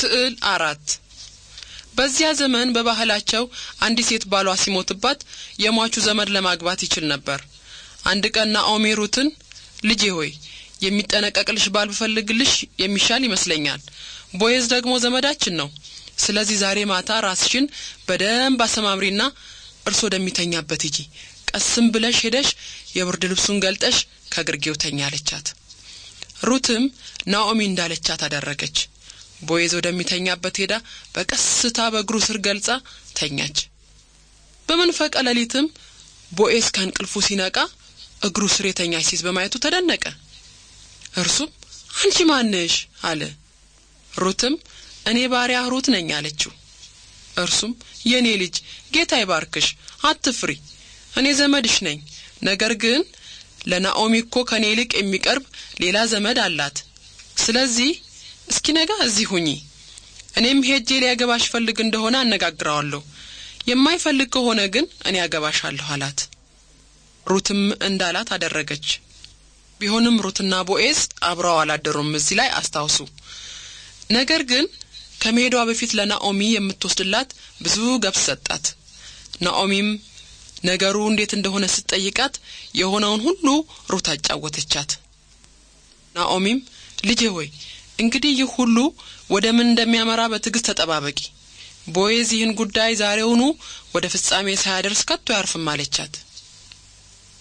ስዕል አራት በዚያ ዘመን በባህላቸው አንዲት ሴት ባሏ ሲሞትባት የሟቹ ዘመድ ለማግባት ይችል ነበር። አንድ ቀን ናኦሚ ሩትን ልጄ ሆይ የሚጠነቀቅልሽ ባል ብፈልግልሽ የሚሻል ይመስለኛል፣ ቦየዝ ደግሞ ዘመዳችን ነው። ስለዚህ ዛሬ ማታ ራስሽን በደንብ አሰማምሪና እርስ ወደሚተኛበት ሂጂ፣ ቀስም ብለሽ ሄደሽ የብርድ ልብሱን ገልጠሽ ከግርጌው ተኛ አለቻት። ሩትም ናኦሚ እንዳለቻት አደረገች። ቦዔዝ ወደሚተኛበት ሄዳ በቀስታ በእግሩ ስር ገልጻ ተኛች። በመንፈቀ ሌሊትም ቦዔዝ ከእንቅልፉ ሲነቃ እግሩ ስር የተኛች ሴት በማየቱ ተደነቀ። እርሱም አንቺ ማንሽ አለ። ሩትም እኔ ባሪያ ሩት ነኝ አለችው። እርሱም የእኔ ልጅ ጌታ ይባርክሽ፣ አትፍሪ፣ እኔ ዘመድሽ ነኝ። ነገር ግን ለናኦሚ እኮ ከእኔ ይልቅ የሚቀርብ ሌላ ዘመድ አላት። ስለዚህ እስኪነጋ እዚህ ሁኚ። እኔም ሄጄ ሊያገባሽ ፈልግ እንደሆነ አነጋግረዋለሁ። የማይፈልግ ከሆነ ግን እኔ አገባሻለሁ አላት። ሩትም እንዳላት አደረገች። ቢሆንም ሩትና ቦኤዝ አብረው አላደሩም። እዚህ ላይ አስታውሱ። ነገር ግን ከመሄዷ በፊት ለናኦሚ የምትወስድላት ብዙ ገብስ ሰጣት። ናኦሚም ነገሩ እንዴት እንደሆነ ስትጠይቃት የሆነውን ሁሉ ሩት አጫወተቻት። ናኦሚም ልጄ ሆይ እንግዲህ ይህ ሁሉ ወደ ምን እንደሚያመራ በትዕግስት ተጠባበቂ ቦዔዝ ይህን ጉዳይ ዛሬውኑ ወደ ፍጻሜ ሳያደርስ ከቶ አያርፍም አለቻት